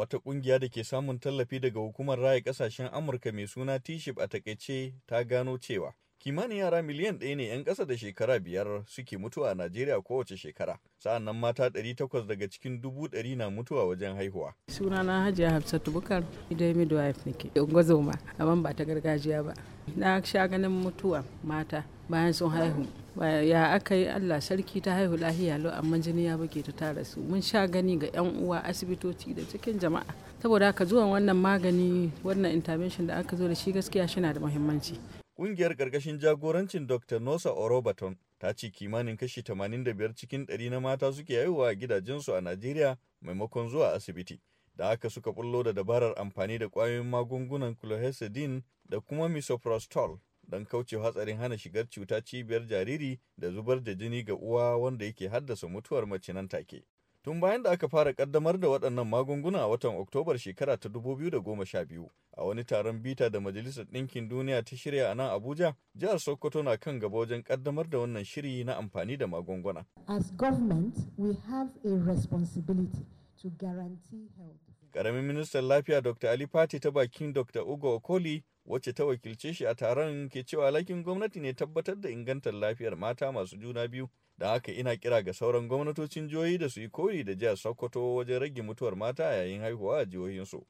Wata ƙungiya da ke samun tallafi daga Hukumar Raya Ƙasashen Amurka mai suna T-SHIP a takaice ta gano cewa Kimanin yara miliyan ɗaya ne 'yan ƙasa da shekara biyar suke mutuwa a Najeriya kowace shekara. Sa'an nan mata 800 daga cikin dubu ɗari na mutuwa wajen haihuwa. Sunana Hajiya Hafsatu Bukar, idai midwife nake, ungozoma, amma ba ta gargajiya ba. Na sha ganin mutuwa mata bayan sun haihu. ya aka yi allah sarki ta haihu lahiya lo amma jini ya buge ta tara su mun sha gani ga yan uwa asibitoci da cikin jama'a saboda haka zuwan wannan magani wannan intervention da aka zo da shi gaskiya shi na da muhimmanci Ƙungiyar ƙarƙashin jagorancin Dr. Nosa Orobaton ta ce kimanin kashi 85 cikin 100 na mata suke haihuwa a gidajensu a Najeriya maimakon zuwa asibiti. Da haka suka bullo da dabarar amfani da ƙwayoyin magungunan chlorhexidine da kuma misoprostol don kauce hatsarin hana shigar cuta cibiyar jariri da zubar da jini ga uwa wanda yake haddasa mutuwar mace nan take. Tun bayan da aka fara kaddamar da waɗannan magunguna a watan Oktobar shekara ta 2012 a wani taron bita da Majalisar Ɗinkin Duniya ta shirya a nan Abuja, jihar Sokoto na kan gaba wajen kaddamar da wannan shiri na amfani da magunguna. As government, we have a responsibility to guarantee health. Karamin ministan lafiya Dr. Ali Fati ta bakin Dr. Ugo Okoli wacce ta wakilce shi a taron ke cewa lakin gwamnati ne tabbatar da ingantar lafiyar mata masu juna biyu Da haka ina kira ga sauran gwamnatocin jihohi da su yi koyi da jihar Sokoto wajen rage mutuwar mata yayin haihuwa a jihohinsu.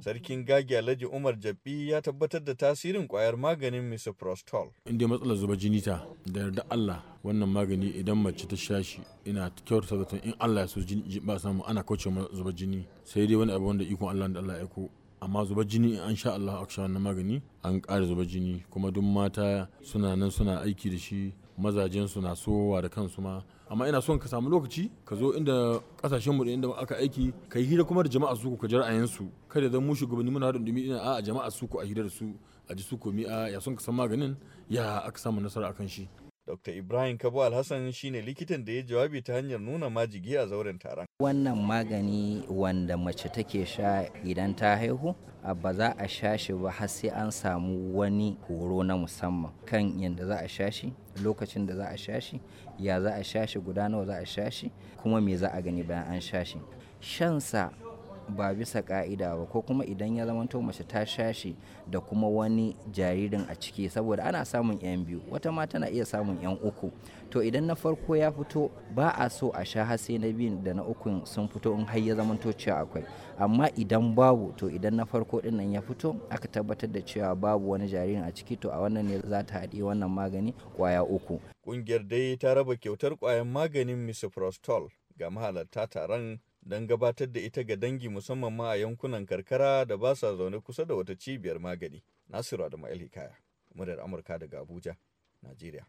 Sarkin Gagi Alhaji Umar Jabbi ya tabbatar da tasirin kwayar maganin misoprostol. Inda matsalar zuba jini ta da yarda Allah wannan magani idan mace ta sha shi ina kyautata zaton in Allah ya so jini ba samu ana kauce zuba jini sai dai wani abu wanda ikon Allah da Allah ya ko amma zuba jini an sha Allah a na magani an ƙara zuba jini kuma duk mata suna nan suna aiki da shi mazajen su na sowa da kansu ma amma ina son ka samu lokaci ka zo inda kasashen mu inda aka aiki ka yi hira kuma da jama'a su ka ji su kada zan mu shugabanni muna haɗin dumi ina a jama'a su a hira da su a ji su komi a ya son ka san maganin ya aka samu nasara akan shi Dr. Ibrahim Kabo Alhassan shine likitan da ya jawabi ta hanyar nuna majigi a zauren taron. Wannan magani wanda mace take sha idan ta haihu, ba za a sha shi ba har sai an samu wani horo na musamman kan yadda za a sha shi, lokacin da za a sha shi, ya za a sha shi, guda nawa za a sha shi, kuma me za a gani bayan an sha shi. Shansa ba bisa ka'ida ba ko kuma idan ya zamanto mace ta shashi da kuma wani jaririn a ciki saboda ana samun yan biyu wata ma tana iya samun yan uku to idan na farko ya fito ba a so a sha har na biyu da na uku sun fito in har ya zamanto cewa akwai amma idan babu to idan na farko din ya fito aka tabbatar da cewa babu wani jaririn a ciki to a wannan ne za ta haɗi wannan magani kwaya uku kungiyar dai ta raba kyautar kwayan maganin misoprostol ga mahalarta taron don gabatar da ita ga dangi musamman ma a yankunan karkara da ba sa zaune kusa da wata cibiyar magani. Nasiru Adamu Hikaya, muryar Amurka daga Abuja, Najeriya.